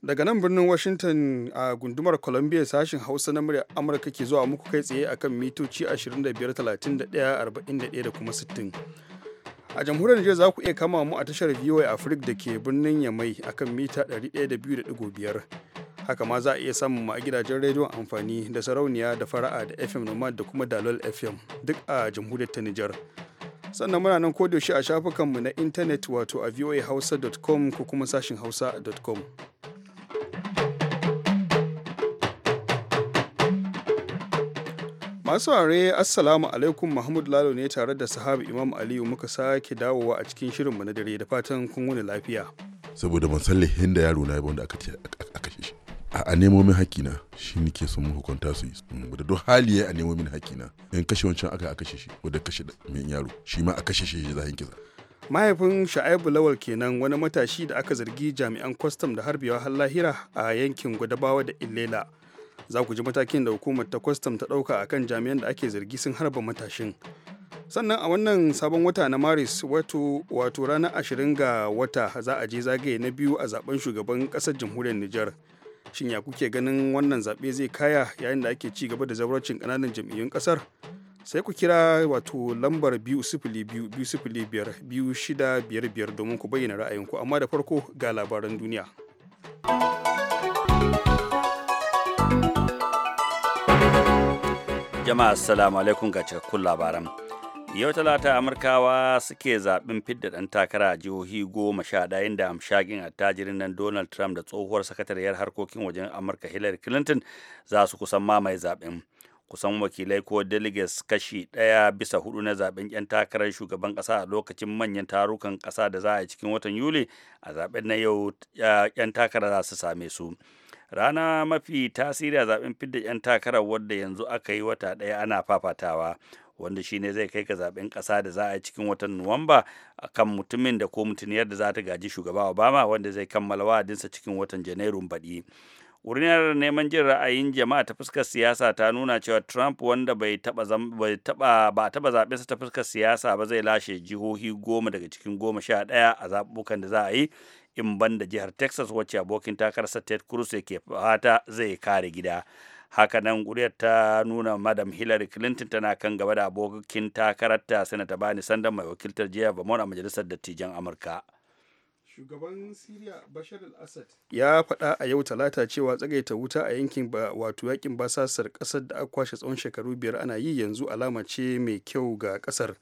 daga nan birnin washington a gundumar columbia sashen hausa na murya amurka ke zuwa muku kai tsaye akan mitoci 25 31 41 da kuma 60 a jamhuriyar Nijar za ku iya kama mu a tashar VOA Africa da ke birnin Yamai akan mita 102.5 haka ma za a iya samun ma a gidajen rediyon amfani da sarauniya da fara'a da fm nomad da kuma dalol fm duk a jamhuriyar ta nijar sannan muna nan kodayaushe a shafukanmu na intanet wato a voahausa.com ko kuma sashin hausa.com masu ware assalamu alaikum mahmud lalo ne tare da sahabu imam aliyu muka sake dawowa a cikin shirinmu na dare da fatan kun wuni lafiya saboda ban san da yaro na wanda aka kashe shi a nemo min haƙƙina shi nake son hukunta su yi wadda duk hali ya a nemo min haƙƙina in kashe wancan aka a kashe shi wadda kashe min yaro shi ma a kashe shi shi zahin kisa mahaifin sha'aibu lawal kenan wani matashi da aka zargi jami'an kwastam da harbewa har lahira a yankin gwadabawa da illela za ku ji matakin da hukumar ta kwastam ta ɗauka kan jami'an da ake zargi sun harba matashin sannan a wannan sabon wata na maris wato wato ranar ashirin ga wata za a je zagaye na biyu a zaben shugaban ƙasar jamhuriyar nijar shin ya kuke ganin wannan zaɓe zai kaya yayin da ake ci gaba da zauracin kananan jam'iyyun ƙasar sai ku kira wato lambar biyu sifili biyu biyu sifili biyar biyu shida biyar biyar domin ku bayyana ra'ayinku amma da farko ga labaran duniya jama'a assalamu alaikum ga cikakkun labaran yau talata amurkawa suke zaɓin fidda ɗan takara a jihohi goma sha ɗaya inda hamshagin attajirin nan donald trump da tsohuwar sakatariyar harkokin wajen amurka hillary clinton za su kusan mamaye zaɓen kusan wakilai ko delegates kashi ɗaya bisa hudu na zaɓen ƴan takarar shugaban ƙasa a lokacin manyan tarukan ƙasa da za a yi cikin watan yuli a zaɓen na yau ƴan takara za su same su rana mafi tasiri a zaɓen fidda ƴan takarar wadda yanzu aka yi wata ɗaya ana fafatawa wanda shi ne zai kai ga zaben ƙasa da za a yi cikin watan nuwamba kan mutumin da ko mutuniyar da za ta gaji shugaba obama wanda zai kammala wa'adinsa cikin watan janairun baɗi Wurinar neman jin ra'ayin jama'a ta fuskar siyasa ta nuna cewa Trump wanda bai taba ba taba zaɓe sa ta fuskar siyasa ba zai lashe jihohi goma daga cikin goma sha ɗaya a zaɓukan da za a yi in banda jihar Texas wacce abokin takarar Ted Cruz yake fata zai kare gida. haka nan ƙuri'ar ta nuna madam hillary clinton tana kan gaba da abokin takararta sanata bani sandan mai wakiltar jiya vermont a majalisar dattijan amurka shugaban siriya bashar al ya faɗa a yau talata cewa tsagaita wuta a yankin wato yakin basasar ƙasar da aka kwashe tsawon shekaru biyar ana yi yanzu alama ce mai kyau ga kasar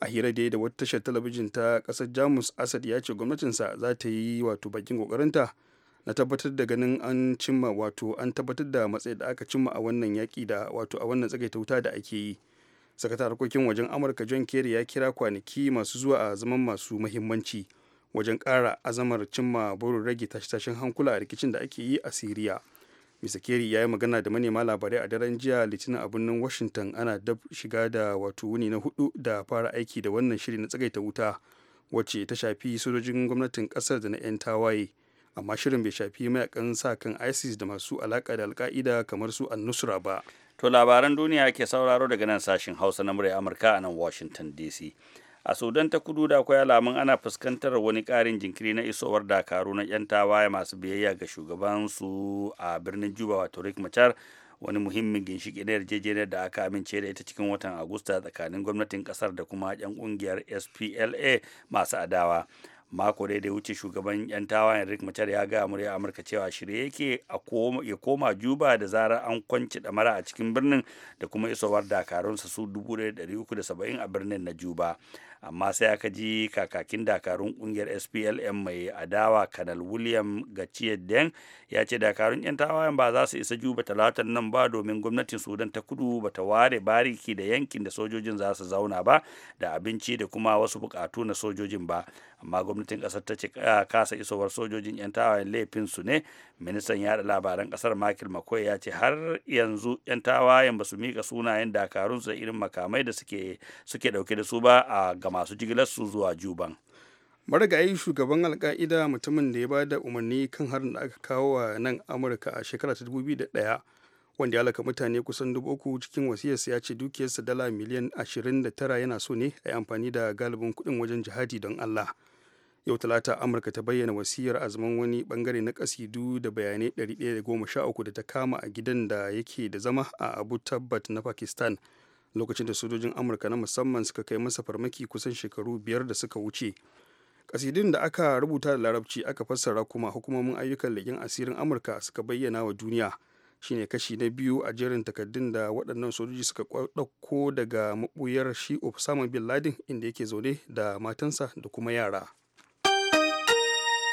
a hira dai da wata tashar talabijin ta ƙasar jamus assad ya ce gwamnatinsa za ta yi wato bakin ƙoƙarinta na tabbatar da ganin an cimma wato an tabbatar da matsayi da aka cimma a wannan yaƙi da wato a wannan tsagaita wuta da ake yi sakatar harkokin wajen amurka john kerry ya kira kwanaki masu zuwa a zaman masu mahimmanci wajen kara azamar cimma burin rage tashe-tashen hankula a rikicin da ake yi a siriya mr kerry ya yi magana da manema labarai a daren jiya litinin a birnin washington ana dab shiga da wato wuni na hudu da fara aiki da wannan shiri na tsagaita wuta wacce ta shafi sojojin gwamnatin kasar da na 'yan tawaye amma shirin bai shafi mayakan sa kan isis da masu alaka da alka'ida kamar su annusra ba to labaran duniya ke sauraro daga nan sashin hausa na murya amurka a nan washington dc a sudan ta kudu da akwai alamun ana fuskantar wani karin jinkiri na isowar dakaru na yan tawaye masu biyayya ga shugaban su a birnin juba wato rick machar wani muhimmin ginshiki na yarjejeniyar da aka amince da ita cikin watan agusta tsakanin gwamnatin kasar da kuma yan kungiyar spla masu adawa mako da ya wuce shugaban 'yan tawayen rick machar ya ga murya amurka cewa shirye yake ya koma juba da zarar an kwanci damara a cikin birnin da kuma isowar dakarun sa su 370 a birnin na juba amma sai aka ji kakakin dakarun kungiyar splm mai adawa kanal william gachie deng ya ce dakarun 'yan tawayen ba za su isa juba talatan nan ba domin gwamnatin sudan ta kudu ba ta ware bariki da yankin da sojojin za su zauna ba da abinci da kuma wasu bukatu na sojojin ba amma gwamnatin kasar ta ce ah, kasa isowar sojojin 'yan tawayen laifin su ne ministan yada labaran kasar michael mccoy ya ce har yanzu 'yan tawayen ba su mika sunayen dakarun su da irin makamai da suke suke dauke da su ba a ga masu jigilar su zuwa juban marigayi shugaban alka'ida mutumin da ya ba da umarni kan harin da aka kawo wa nan amurka a shekara ta 2001 wanda ya halaka mutane kusan dubu uku cikin wasiyarsa ya ce dukiyarsa dala miliyan 29 yana so ne a yi amfani da galibin kuɗin wajen jihadi don allah yau talata amurka ta bayyana wasiyar azumin wani bangare na kasidu da bayanai 113 da ta kama a gidan da yake da zama a abu tabbat na pakistan lokacin da sojojin amurka na musamman suka kai masa farmaki kusan shekaru biyar da suka wuce kasidin da aka rubuta da larabci aka fassara kuma hukumomin ayyukan leƙen asirin amurka suka bayyana wa duniya shine kashi na biyu a jerin takaddun da waɗannan sojoji suka ɗauko daga maɓuyar shi of bin Laden inda yake zaune da matansa da kuma yara.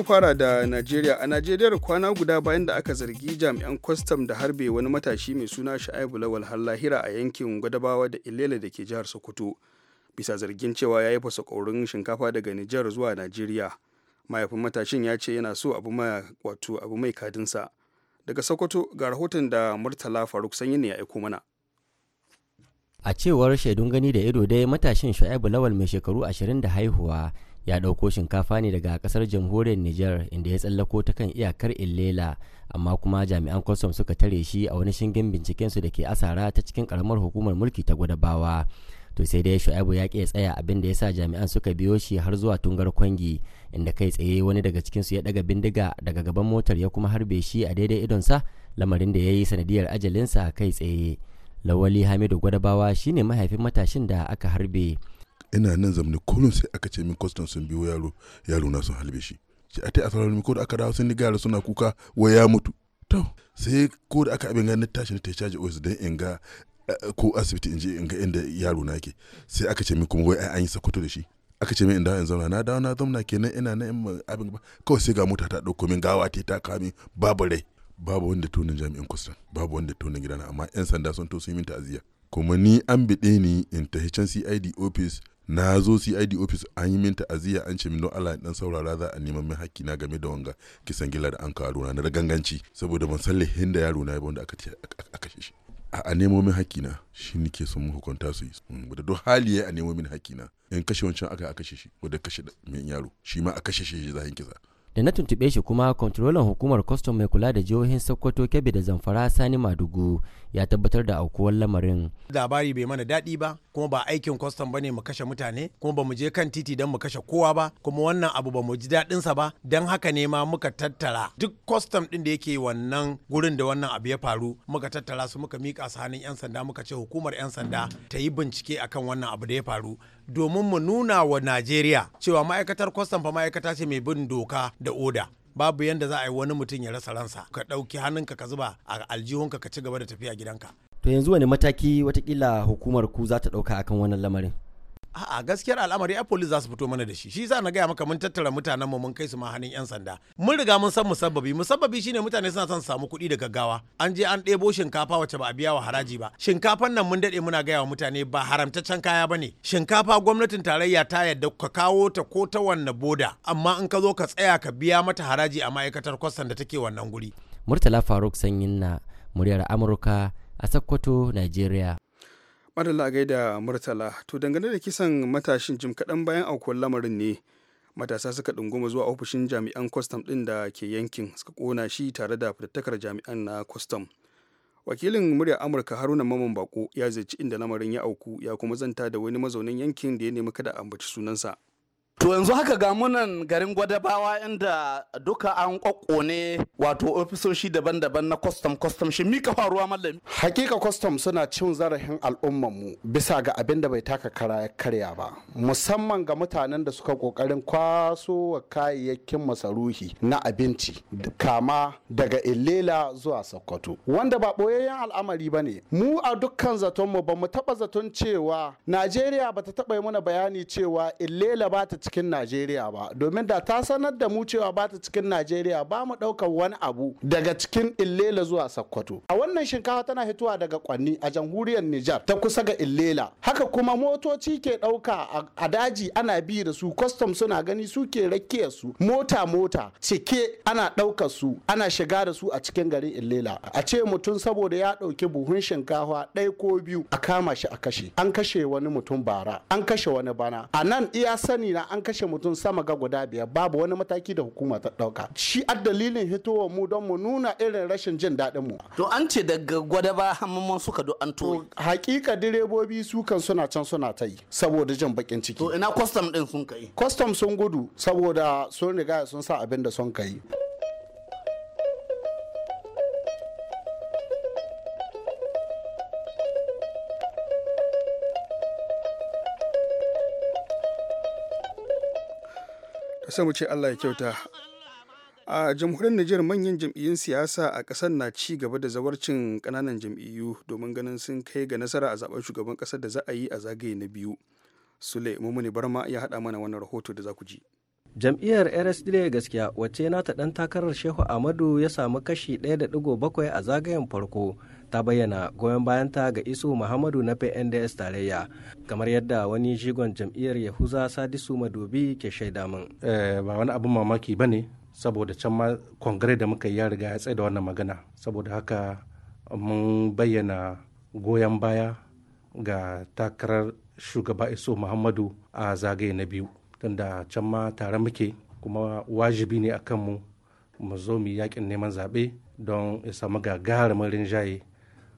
mu fara da Najeriya. A Najeriya kwana guda bayan da aka zargi jami'an kwastam da harbe wani matashi mai suna Sha'ibu Lawal har lahira a yankin Gwadabawa da Ilele da ke jihar Sokoto. Bisa zargin cewa ya yi fasa faso-ƙorin shinkafa daga Nijar zuwa Najeriya. Mahaifin matashin ya ce yana so abu mai wato abu mai kadinsa. Daga Sokoto ga rahoton da Murtala Faruk Sanyi ne ya aiko mana. A cewar shaidun gani da ido dai matashin Shu'aibu Lawal mai shekaru ashirin da haihuwa ya ɗauko shinkafa ne daga ƙasar jamhuriyar niger inda ya tsallako ta kan iyakar illela amma kuma jami'an kwastam suka tare shi a wani shingen bincikensu da ke asara ta cikin karamar hukumar mulki ta gwadabawa to sai dai shu'aibu ya ya tsaya abin da ya sa jami'an suka biyo shi har zuwa tungar kwangi inda kai tsaye wani daga cikinsu ya daga bindiga daga gaban motar ya kuma harbe shi a daidai idonsa lamarin da ya yi sanadiyar ajalinsa kai tsaye lawali hamidu gwadabawa shine mahaifin matashin da aka harbe ina nan zamani kullum sai aka ce min kwastan sun biyo yaro yaro na sun halbe shi shi a ta mu ko da aka dawo sun ni gara suna kuka wa ya mutu to sai ko da aka abin ganin tashi ta caji os don in ga eh, ko asibiti in je in ga inda yaro na ke sai aka ce min kuma wai an yi sakwato da shi aka ce min in dawo in zauna na dawo na zauna kenan ina nan abin ba kawai sai ga mota ta dauko min gawa ta ta kame babu rai babu wanda tonin jami'in kwastan babu wanda tonin gidana amma 'yan sanda sun to sun yi min ta'aziyya kuma ni an biɗe ni in tahi can cid office na zo cid office an yi min ta'aziyya an ce min don allah dan saurara za a neman min hakki na game da wanga kisan gila da an kawo na da ganganci saboda ban san lihin da yaro na ya wanda aka kashe shi a nemo min na shi nike son hukunta su yi mm, da duk hali ya a nemo min na in kashe wancan aka a kashe shi wadda kashe min yaro shi ma a kashe shi zahin kisa da na tuntuɓe shi kuma kontrolan hukumar kwastam mai kula da jihohin sokoto kebbi da zamfara sani madugu ya tabbatar da aukuwar lamarin labari bai mana daɗi ba kuma ba aikin kwastam ba ne mu kashe mutane kuma ba mu je kan titi don mu kashe kowa ba kuma wannan abu ba mu ji daɗinsa ba don haka ne ma muka tattara duk kwastam ɗin da yake wannan gurin da wannan abu ya faru muka tattara su muka miƙa su hannun 'yan sanda muka ce hukumar 'yan sanda ta yi bincike akan wannan abu da ya faru domin mu nuna wa Najeriya cewa ma'aikatar kwastam fa ma'aikata ce mai bin doka da oda. Babu yanda za a yi wani mutum ya rasa ransa, ka ɗauki hannunka ka zuba a aljihunka ka ci gaba da tafiya gidanka. To yanzu wani mataki watakila hukumar ku za ta ɗauka akan wannan lamarin? a'a gaskiyar al'amari a police za su fito mana da shi shi yasa na gaya maka mun tattara mutanen mu mun kai su ma hannun yan sanda mun riga mun san musabbabi musabbabi shine mutane suna son samu kuɗi daga gawa an je an ɗebo shinkafa wacce ba a biya wa haraji ba shinkafan nan mun daɗe muna gaya wa mutane ba haramtaccen kaya bane shinkafa gwamnatin tarayya ta yadda ka kawo ta ko ta wanne boda amma in ka zo ka tsaya ka biya mata haraji a ma'aikatar kwastan da take wannan guri murtala faruk sanyin na muryar amurka a sokoto nigeria madalla da murtala to dangane da kisan matashin jim kaɗan bayan aukuwar lamarin ne matasa suka ɗunguma zuwa ofishin jami'an kwastam ɗin da ke yankin suka ƙona shi tare da fitattakar jami'an na kwastam wakilin murya amurka haruna maman bako ya ziyarci inda lamarin ya auku ya kuma zanta da wani mazaunin yankin da ya nemi kada a ambaci sunansa To yanzu haka ga munan garin Gwadabawa inda duka an ne wato ofisoshi daban-daban na kwastam custom shi mika faruwa mallami. Hakika kwastam suna cin zarafin al'ummanmu bisa ga abin da bai taka kara karya ba. Musamman ga mutanen da suka kokarin kwaso wa kayayyakin masaruhi na abinci kama daga illela zuwa Sokoto. Wanda ba boyayyen al'amari ba ne. Mu a dukkan zatonmu ba mu taba zaton cewa Najeriya ba ta taɓa yi mana bayani cewa illela ba ta cikin najeriya ba domin da ta sanar da mu cewa ba ta cikin najeriya ba mu ɗaukar wani abu daga cikin illela zuwa sakkwato a wannan shinkafa tana hitowa daga kwanni a jamhuriyar nijar ta kusa ga illela haka kuma motoci ke ɗauka a daji ana bi da su kwastam suna gani su ke rakiya su mota mota cike ana ɗaukar su ana shiga da su a cikin garin illela a ce mutum saboda ya ɗauki buhun shinkafa ɗaya ko biyu a kama shi a kashe an kashe wani mutum bara an kashe wani bana a nan iya sani na an an kashe mutum sama ga guda biyar babu wani mataki da hukuma ta dauka shi a dalilin hitowa mu don mu nuna irin rashin jin daɗin mu to an ce daga gwada ba hamman suka do an tuwo hakika direbobi su kan suna can suna ta yi saboda jin bakin ciki to ina kwastam din sun kai kwastam sun gudu saboda sun riga sun sa abin da sun kai sai mu ce Allah ya kyauta a jamhuriyar Nijar manyan jam'iyyun siyasa a ƙasar na ci gaba da zawarcin ƙananan jam'iyyu domin ganin sun kai ga nasara a zaben shugaban ƙasar da za a yi a zagaye na biyu Sule Mumuni Barma ya haɗa mana wannan rahoto da za ku ji. jam'iyyar rsd gaskiya wacce nata ɗan takarar shehu ahmadu ya samu kashi 1.7 a zagayen farko ta bayyana goyon bayanta ga iso muhammadu na pnds tarayya kamar yadda wani shigon jam'iyyar yahuza sadisu madobi ke shaida min eh, ba wani abin mamaki ba ne saboda can ma kongare da muka ya riga ya tsaye da wannan magana saboda haka mun bayyana goyon baya ga takarar shugaba iso muhammadu a zagaye na biyu tunda can ma tare muke kuma wajibi ne a kanmu mu zo mu yakin neman zaɓe don isa samu gagarumin rinjaye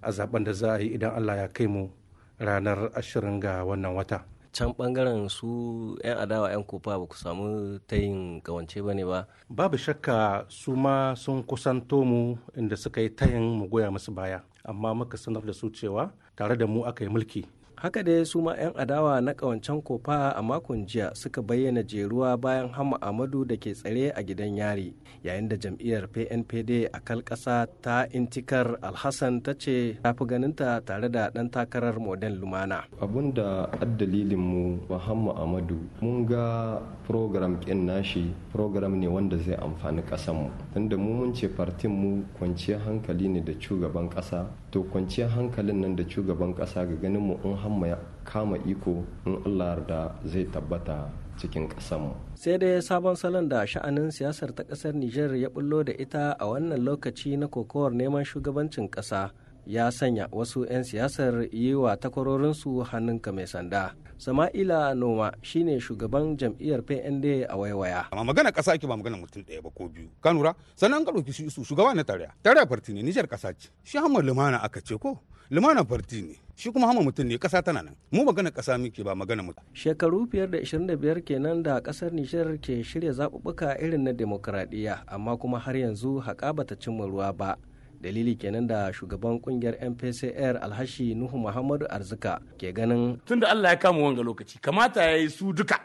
a zaben da za a yi idan allah ya kai mu ranar ashirin ga wannan wata can bangaren su 'yan adawa 'yan kofa ba ku samu ta yin kawance ba ne ba babu shakka su ma sun kusanto mu inda suka yi tayin mu goya musu baya amma muka sanar da su cewa tare da mu aka yi mulki haka dai su ma 'yan adawa na kawancen kofa a makon jiya suka bayyana jeruwa bayan hama amadu da ke tsare a gidan yari yayin da jam'iyyar pnpd a kal ƙasa ta intikar alhassan ta ce ta fi ganinta tare da ɗan takarar model lumana abun da dalilin mu hama amadu mun ga program ƙin nashi program ne wanda zai amfani mu tunda mu mun ce fartin mu kwanciyar hankali ne da shugaban ƙasa to kwanciyar hankalin nan da shugaban ƙasa ga ganin mu kuma ya kama iko in allah da zai tabbata cikin ƙasarmu. sai dai sabon salon da sha'anin siyasar ta kasar niger ya bullo da ita a wannan lokaci na kokowar neman shugabancin kasa ya sanya wasu 'yan siyasar yi wa takwarorinsu hannunka mai sanda sama'ila noma shine shugaban jam'iyyar pnd a waiwaya amma magana ƙasa ake ba magana mutum ɗaya ba ko biyu kanura sannan an ka ɗauki su shugaba na tarayya tarayya farti ne nijar ƙasa ce shi hamar lumana aka ce ko lumana farti ne shi kuma hama mutum ne kasa tana nan mu magana kasa muke ba magana mutum shekaru biyar da ishirin da biyar kenan da kasar Nijar ke shirya zaɓuɓɓuka irin na demokradiyya amma kuma har yanzu haƙa bata cimma ruwa ba dalili kenan da shugaban kungiyar mpcr alhashi nuhu muhammadu arzika ke ganin tunda allah ya kama wanga lokaci kamata ya yi su duka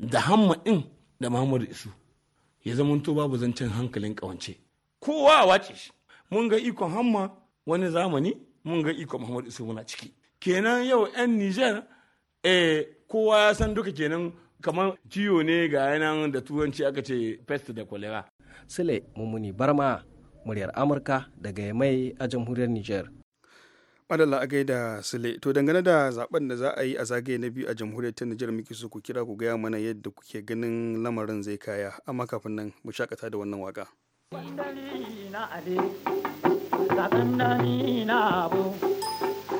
da hamma ɗin da muhammadu isu ya zamanto babu zancen hankalin kawance kowa wace shi mun ga ikon hamma wani zamani mun ga iko muhammad isa muna ciki kenan yau yan nijar eh kowa ya san duka kenan kamar ciwo ne ga yanan da turanci aka ce pest da kwalera sule mummuni barma muryar amurka daga mai a jamhuriyar nijar. madalla a gaida sule to dangane da zaben da za a yi a zagaye na biyu a jamhuriyar ta nijar muke so ku kira ku gaya mana yadda kuke ganin lamarin zai kaya amma kafin nan mu shakata da wannan waka ka sanda ni na bu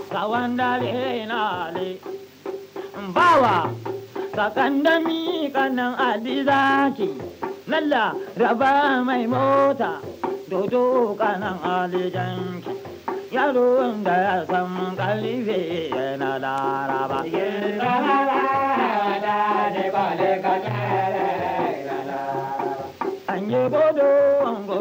ka le na le bawa ka kanda mi kanan alizaki lalla raba mai mota dodo kanan alijanki yaron da ya san kalife yana laraba an yi bodo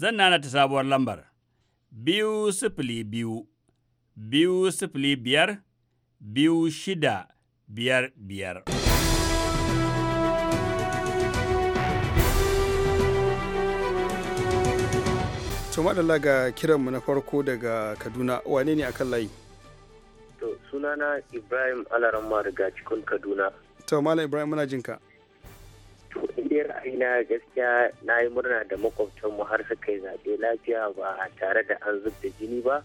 Zan nana ta sabuwar lambar biyu sifili biyu, biyu sifili biyar, biyu shida biyar biyar. To madalla ga kiranmu na farko daga Kaduna wane ne akan layi? To sunana Ibrahim Alaramma daga cikin Kaduna. To Malam Ibrahim muna jinka. dai ra'ayina gaskiya na yi murna da makwabtanmu har suka yi zaɓe lafiya ba tare da an zub da jini ba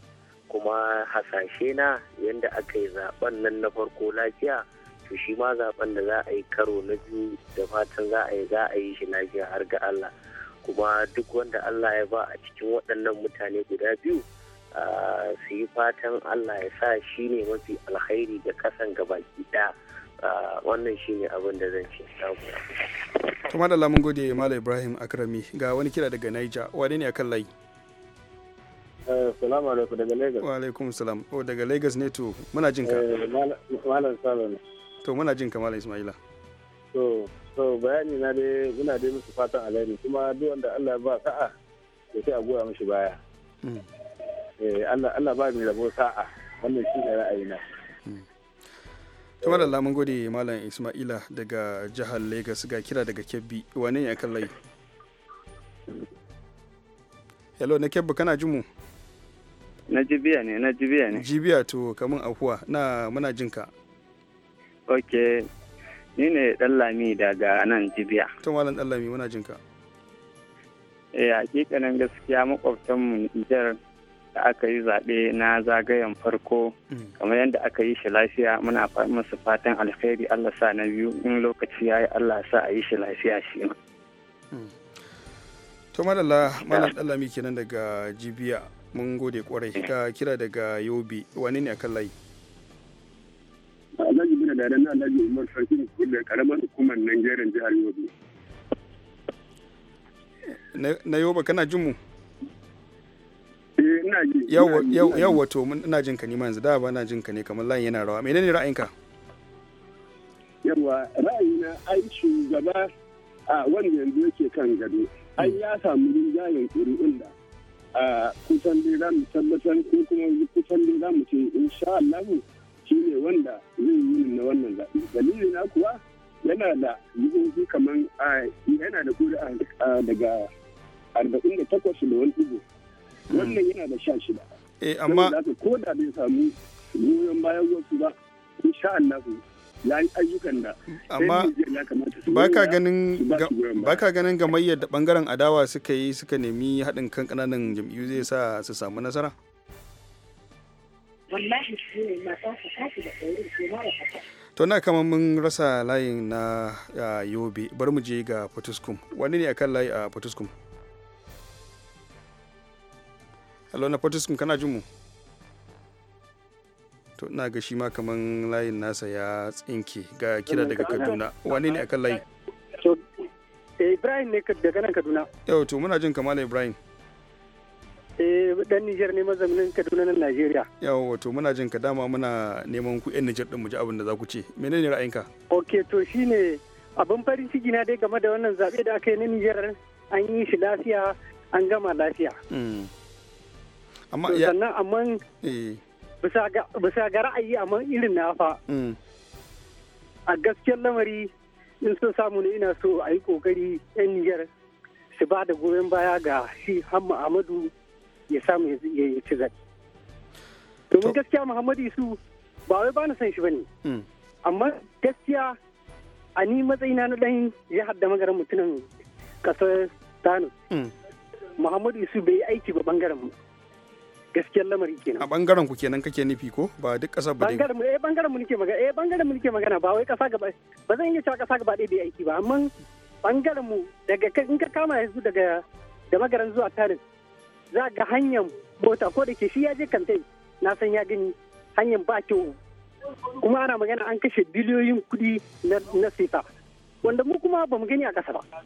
kuma hasashe na yadda aka yi zaɓen nan na farko lafiya to shi ma zaɓen da za a yi karo na biyu da fatan za a yi za a yi shi lafiya har ga Allah kuma duk wanda Allah ya ba a cikin waɗannan mutane guda biyu ah, su yi fatan Allah ya sa shi ne mafi alkhairi ga kasan gabaki ɗaya. Ah, wannan shi ne abin da zan ce kuma da lamun gode malam ibrahim akrami ga wani kira daga naija wane ne akan layi eh, salamu alaikum daga lagos wa alaikum salam o oh, daga lagos ne to muna jin ka eh, malam salam ne to muna jin ka malam ismaila to to bayani na dai muna dai musu fatan alheri kuma duk wanda Allah ba sa'a da sai a goya mishi baya hmm. eh Allah Allah ba mai rabo sa'a wannan shi ne ra'ayina hmm. kamar da lamun gode malam ismaila daga jihar lagos ga kira daga kebbi wane ya kan layi hello na kebbi kana jimu na jibiya ne na jibiya ne jibiya to kamun afuwa na muna jinka ok ni ne lami daga nan jibiya to malam lami muna jinka eh hakikanin gaskiya makwabtanmu jihar da aka yi zaɓe na zagayen farko mm. kamar yadda aka yi shi lafiya muna musu fatan alheri allah sa na biyu in lokaci ya yi allah sa a yi shi lafiya shi ma. Mm. to malala malam dalami kenan daga jibiya mun gode kwarai ka kira daga yobe wani ne akan layi. alhaji bin da na alhaji umar sarki da kuma karamar hukumar nan jihar yobe. na yobe kana jin mu. yau wato ina jin ka nima yanzu da ba na jin ka ne kamar layin yana rawa menene ra'ayinka yawa ra'ayina ai shugaba a wanda yanzu yake kan gado ai hmm. ya samu rinjayen ƙuri'un da kusan dai za mu tabbatar ko kuma kusan dai za mu ce insha Allah shi ne wanda zai yi na wannan zaɓe dalili kuwa yana da jihohi kamar yana da kuria daga arba'in da takwas da wani ibo wannan eh, amma ba amma baka ganin baka ganin gamayyar da bangaren adawa suka yi suka nemi haɗin kan ƙananan jam'iyyu zai sa su samu nasara to na kama mun rasa layin na yobe bar mu je ga potuskum wani ne akan layi a potuskum hello na fortiscum kana jin mu to ina ga shi ma kaman layin nasa ya tsinke ga kira daga kaduna wane ne akan layi eh, ibrahim ne daga nan kaduna yau to muna jin kamala ibrahim eh dan Nijar ne mazaunin Kaduna nan Najeriya. Yau wato muna jin ka dama muna neman ku 'yan Nijar din mu ji abin da za ku ce. Menene ra'ayinka? Okay to shine abin farin ciki na dai game da wannan zabe da aka yi na Nijar an yi shi lafiya an gama lafiya. Hmm. amma sannan amma eh. bisa ga ra'ayi amma irin na fa mm. a gaskiyar lamari in sun samu ne ina so a yi kokari yan niyyar su ba da goyon baya ga shi hamma amadu ya samu ya yi ci to domin gaskiya muhammadu Isu ba wai ba na san shi ba ne mm. amma gaskiya a ni matsayina na ɗan ya hadda magaran mutumin ƙasar tano mm. muhammadu Isu bai yi aiki ba bangaren mu gaskiyar lamari kenan a bangaren ku kenan kake nufi ko ba duk ƙasa ba bangaren mu eh bangaren mu nake magana eh bangaren mu nake magana ba wai kasa gaba ba zan iya cewa kasa gaba ɗaya bai aiki ba amma bangaren mu daga in ka kama yanzu daga da magaran zuwa tarin za ga hanyar mota ko da ke shi ya je kantai na san ya gani hanyar ba kyau kuma ana magana an kashe biliyoyin kuɗi na sifa wanda mu kuma ba mu gani a ƙasa ba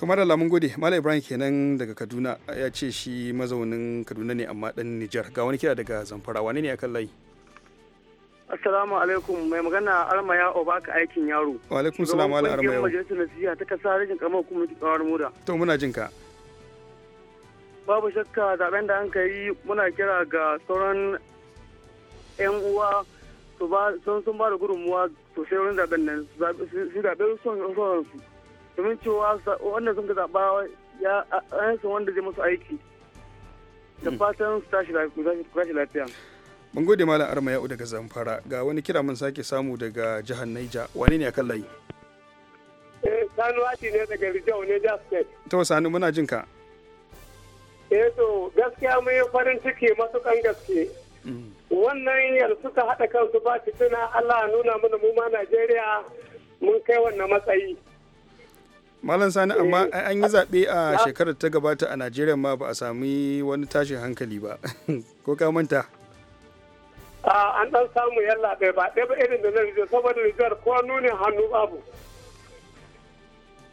to madalla mun gode mala ibrahim kenan daga kaduna ya ce shi mazaunin kaduna ne amma dan nijar ga wani kira daga zamfara wane ne akan layi Assalamu alaikum mai magana Armaya Obaka aikin yaro. Wa alaikum salam ala Armaya. Gaban majalisar nasiha ta kasa rajin karamar hukumar kawar muda. To muna jin ka. Babu shakka zaben da an yi muna kira ga sauran 'yan uwa su sun ba da gudunmuwa sosai wurin zaben nan su zaɓe son su. domin cewa wanda sun ga zaɓa ya yankin wanda zai masu aiki da hmm. fatan su tashi lafiya mun gode malam arma ya'u daga zamfara ga wani kira mun sake samu daga jihar naija wane ne akan layi eh sanu hati ne daga rijau ne State. to sanu muna jin ka eh to gaskiya mun yi farin ciki matukan gaske hmm. wannan yanzu suka haɗa kansu ba tuna Allah nuna mana mu ma Najeriya mun kai wannan matsayi Malam Sani amma eh. an yi zaɓe a shekarar ta gabata a Najeriya ma ba a sami wani tashin hankali ba. Ko ka manta? An ɗan samu yalla ɗaya ba ɗaya ba irin da na Nijar saboda Nijar ko nunin hannu babu.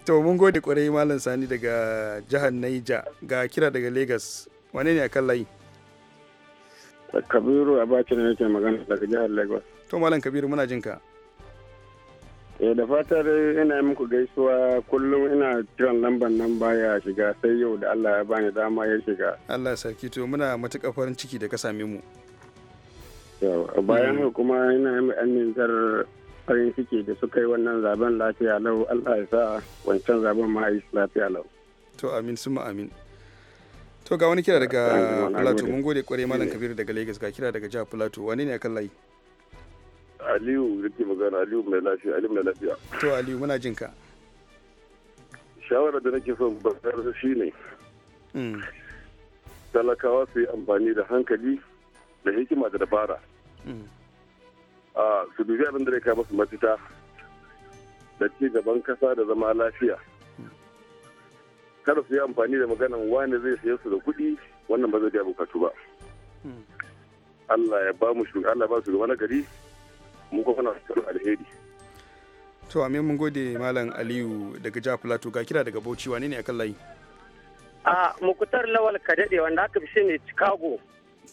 To mun gode kwarai Malam Sani daga jihar Naija ga kira daga Lagos. Wane ne a kan layi? Kabiru Abacha ne nake magana daga jihar Lagos. To Malam Kabiru muna jinka. Eh da fatar ina muku gaisuwa kullum ina kiran lambar nan baya shiga sai yau da Allah ya bani dama ya shiga. Allah sarki to muna matuƙa farin ciki da ka same mu. bayan haka kuma ina yi amintar farin ciki da suka yi wannan zaben lafiya lau Allah ya sa wancan zaben ma yi lafiya lau. To amin sun amin. To ga wani kira daga Plateau mun gode kwarai Malam eh. Kabiru daga Lagos ga kira daga jihar Plateau wani ne akan layi? aliyu da ke magana aliyu mai lafiya aliyu mai lafiya to aliyu muna jin ka shawara da nake son bayar shi ne mm. talakawa su yi amfani da hankali da hikima da dabara mm. su dubi abin da ya masu mafita da ci gaban kasa da zama lafiya kada su yi amfani da maganan wani zai saye su da kuɗi wannan ba zai biya bukatu ba mm. Allah ya ba mu Allah ba su gaba na gari mu kuma muna cikin alheri to amin mun gode malam aliyu daga jihar plateau ga kira daga bauchi wane ne akan layi a mukutar lawal kadade wanda aka fi ne chicago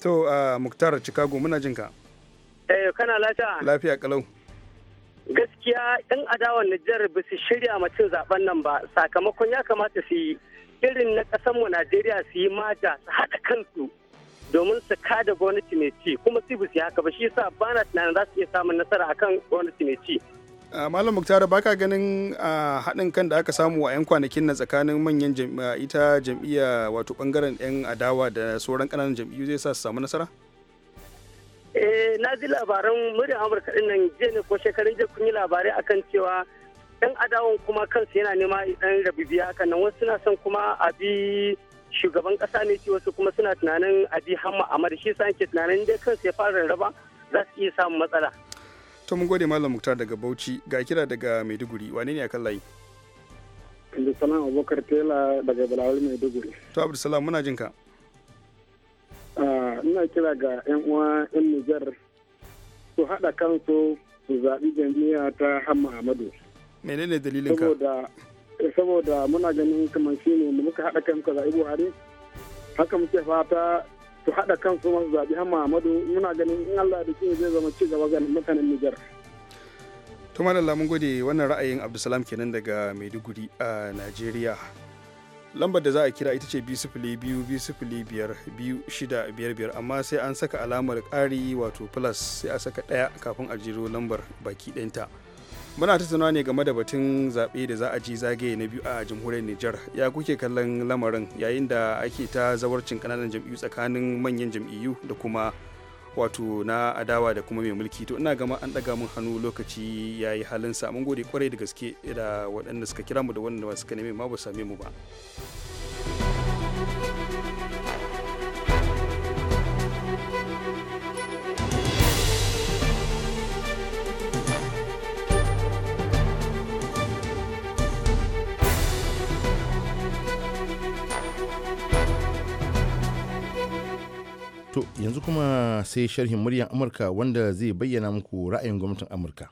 to a muktar chicago muna jin ka eh kana lafiya lafiya kalau gaskiya yan adawan Nijar ba su shirya macin zaben nan ba sakamakon ya kamata su yi irin na kasanmu Najeriya su yi mata su haɗa kansu domin su kada gwamnati mai ci kuma su bi haka ba shi yasa ba na tunanin za su iya samun nasara akan gwamnati mai ci. malam muktara baka ganin haɗin kan da aka samu a 'yan kwanakin na tsakanin manyan ita jam'iyya wato bangaren 'yan adawa da sauran ƙananan jam'iyyu zai sa su samu nasara? eh na ji labaran muryar amurka ɗin nan jiya ne ko shekarun jiya kun yi labarai akan cewa yan adawan kuma kansu yana nema idan rabibiya kan nan wasu suna son kuma a bi shugaban kasa ne ce wasu kuma suna tunanin abi hamma amma da shi sa ke tunanin dai kan ya fara raba za su iya samun matsala to mun gode malam muktar daga bauchi ga kira daga maiduguri wane ne akan layi abdulsalam abubakar tela daga balawar maiduguri to abdulsalam muna jin ka ah, ina kira ga yan uwa yan nijar su haɗa kansu su zaɓi jami'a ta hamma amadu menene dalilin ka saboda saboda muna ganin kamar shi ne muka haɗa kan ka zaɓi buhari haka muke fata su haɗa su masu zaɓi har muhammadu muna ganin in allah da shi zai zama ci gaba ga mutanen nijar to malalla mun gode wannan ra'ayin abdulsalam kenan daga maiduguri a nigeria lambar da za a kira ita ce biyu biyar biyu shida biyar biyar amma sai an saka alamar kari wato plus sai a saka ɗaya kafin a jiro lambar baki ɗinta. muna ta ne game da batun zaɓe da za a ji zagaye na biyu a jamhuriyar Nijar ya kuke kallon lamarin yayin da ake ta zawarcin kananan jam'iyyu tsakanin manyan jam'iyyu da kuma wato na adawa da kuma mai mulki to ina gama an daga mun hannu lokaci ya yi halin samun gode kwarai da gaske da waɗanda suka kira mu da waɗanda suka neme ma ba same mu ba. To yanzu kuma sai sharhin muryar Amurka wanda zai bayyana muku ra'ayin gwamnatin Amurka.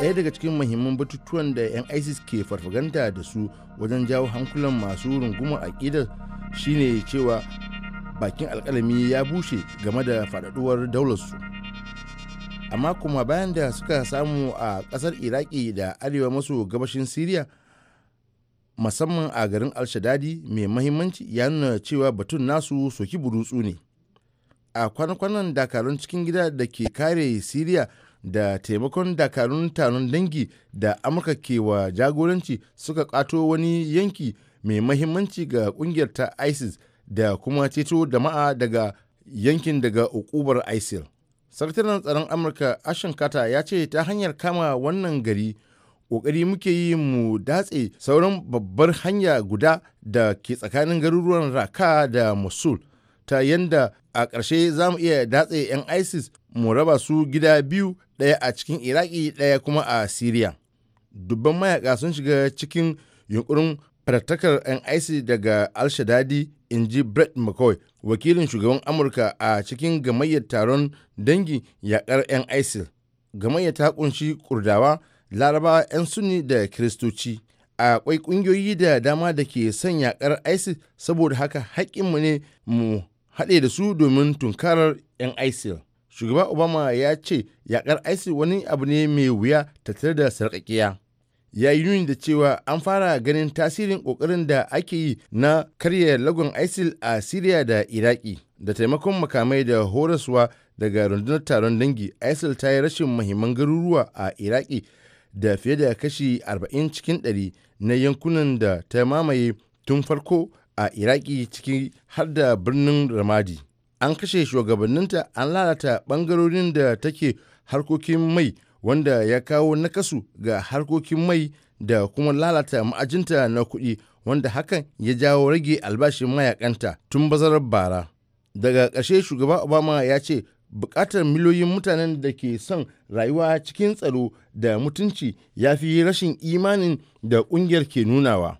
Ɗaya daga cikin mahimman batutuwan da 'yan ISIS ke farfaganta da su wajen jawo hankulan masu rungumar aƙidar shine cewa bakin alkalami ya bushe game da faɗaɗuwar daularsu. Amma kuma bayan da suka samu a ƙasar Iraki da arewa maso gabashin Siriya musamman a garin alshadadi mai mahimmanci ya nuna cewa batun nasu soki burutsu ne a kwanakwanan dakarun cikin gida da ke kare siriya da taimakon dakarun taron dangi da amurka ke wa jagoranci suka kato wani yanki mai mahimmanci ga kungiyar ta isis da kuma ceto jama'a daga yankin daga ukubar isil sakataren tsaron amurka ashin kata ya ce ta hanyar kama wannan gari ƙoƙari muke yi mu datse sauran babbar hanya guda da ke tsakanin garuruwan raka da mosul ta yanda a ƙarshe za mu iya datse 'yan isis mu raba su gida biyu ɗaya a cikin iraki ɗaya kuma a syria dubban mayaka sun shiga cikin yunkurin fatattakar 'yan isis daga Alshadadi, in ji brett mccoy wakilin shugaban amurka a cikin gamayyar taron dangi yakar 'yan isis gamayyar ta kunshi kurdawa laraba 'yan sunni da kiristoci akwai kungiyoyi da dama da ke son yakar isil saboda haka haƙƙinmu ne mu haɗe da su domin tunkarar 'yan isil shugaba obama ya ce yakar isil wani abu ne mai wuya tattare da sarƙaƙiya ya yi nuni da cewa an fara ganin tasirin ƙoƙarin da ake yi na karya lagon isil a siriya da iraki da taimakon makamai da horaswa daga rundunar taron dangi isil ta yi rashin mahimman garuruwa a iraki da fiye da kashi 40 cikin 100 na yankunan da ta mamaye tun farko a iraki ciki har da birnin ramadi an kashe shugabanninta an lalata bangarorin da take harkokin mai wanda ya kawo nakasu ga harkokin mai da kuma lalata ma'ajinta na kuɗi wanda hakan ya jawo rage albashin mayakanta tun bazarar bara daga ƙarshe shugaba obama ya ce bukatar miliyoyin mutanen da ke son rayuwa cikin tsaro da mutunci ya fi rashin imanin da kungiyar ke nunawa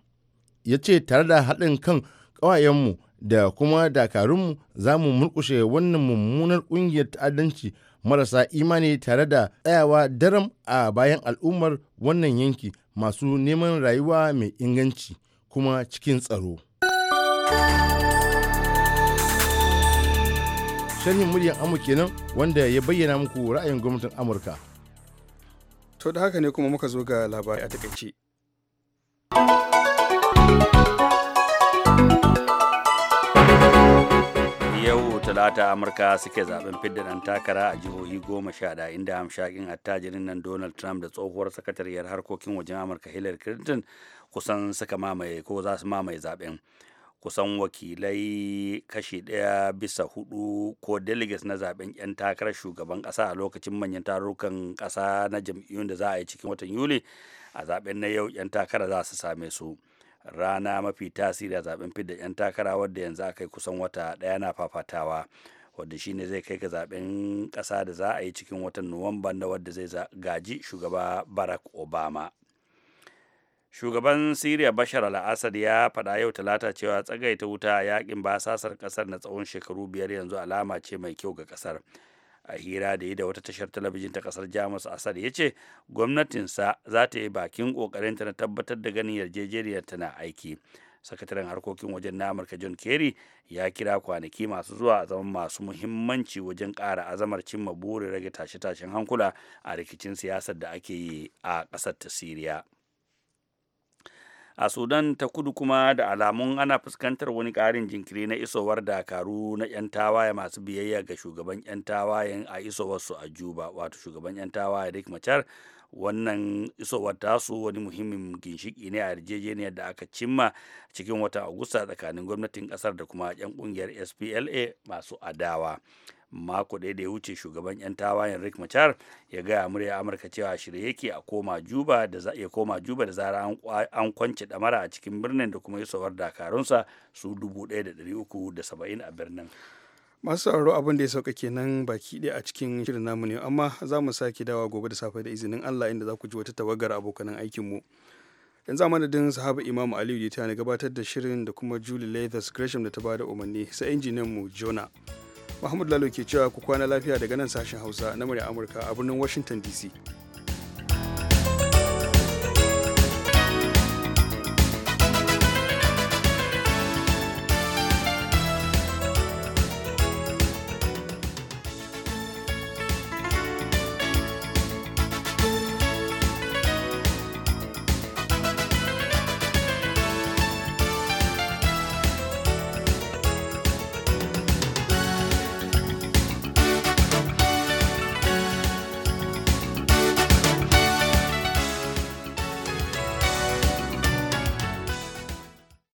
ya ce tare da haɗin kan ƙawayenmu da kuma dakarunmu za mu murkushe wannan mummunar ƙungiyar ta'addanci marasa imani tare da tsayawa daram a bayan al'ummar wannan yanki masu neman rayuwa mai inganci kuma cikin tsaro. sharhin muryar amurka kenan wanda ya bayyana muku ra'ayin gwamnatin amurka to da haka ne kuma muka zo ga labari a takaice yau talata amurka suke zaben fidda dan takara a jihohi goma sha ɗaya inda hamshakin attajirin nan donald trump da tsohuwar sakatariyar harkokin wajen amurka hillary clinton kusan suka mamaye ko za su mamaye zaben kusan wakilai kashi ɗaya bisa hudu ko delegates na zaben 'yan takarar shugaban ƙasa a lokacin manyan tarukan ƙasa na jam'iyyun da za a yi cikin watan yuli a zaben na yau 'yan takara za su same su rana mafi tasiri a zaben fidda 'yan takara wadda yanzu aka yi kusan wata ɗaya na fafatawa wadda shine zai kai ga zaben ƙasa da za a yi cikin watan nuwamba na wadda zai gaji shugaba barack obama shugaban siriya bashar al-assad ya faɗa yau talata cewa tsagaita wuta a yakin basasar ƙasar na tsawon shekaru biyar yanzu alama ce mai kyau ga ƙasar a hira da yi da wata tashar talabijin ta ƙasar jamus assad ya ce gwamnatinsa za ta yi bakin ƙoƙarinta na tabbatar da ganin yarjejeniyar tana aiki sakataren harkokin wajen na amurka john kerry ya kira kwanaki masu zuwa a zaman masu muhimmanci wajen ƙara azamar cimma burin rage tashe-tashen hankula a rikicin siyasar da ake yi a ƙasar ta siriya a sudan ta kudu kuma da alamun ana fuskantar wani karin jinkiri na isowar dakaru na 'yan tawaye masu biyayya ga shugaban 'yan tawayen a isowarsu a juba wato shugaban 'yan tawaye da macar wannan isowar tasu wani muhimmin ginshiki ne a yarjejeniyar da aka cimma cikin watan agusta tsakanin gwamnatin kasar da kuma 'yan kungiyar spla masu adawa mako ɗaya da ya wuce shugaban 'yan tawayen rick machar ya gaya murya amurka cewa shirye yake a koma juba da za ya koma juba da zara an kwance damara a cikin birnin da kuma da dakarunsa su 1370 a birnin masu sauraro abin da ya sauka kenan baki ɗaya a cikin shirin namu ne amma za mu sake dawa gobe da safe da izinin allah inda za ku ji wata tawagar abokanan aikinmu yanzu a madadin sahaba imam aliyu da ta gabatar da shirin da kuma julie leathers gresham da ta bada umarni sai injiniyan mu jona Mahmud Lalo ke cewa ku kwana lafiya daga nan sashen Hausa na murya Amurka a birnin Washington DC.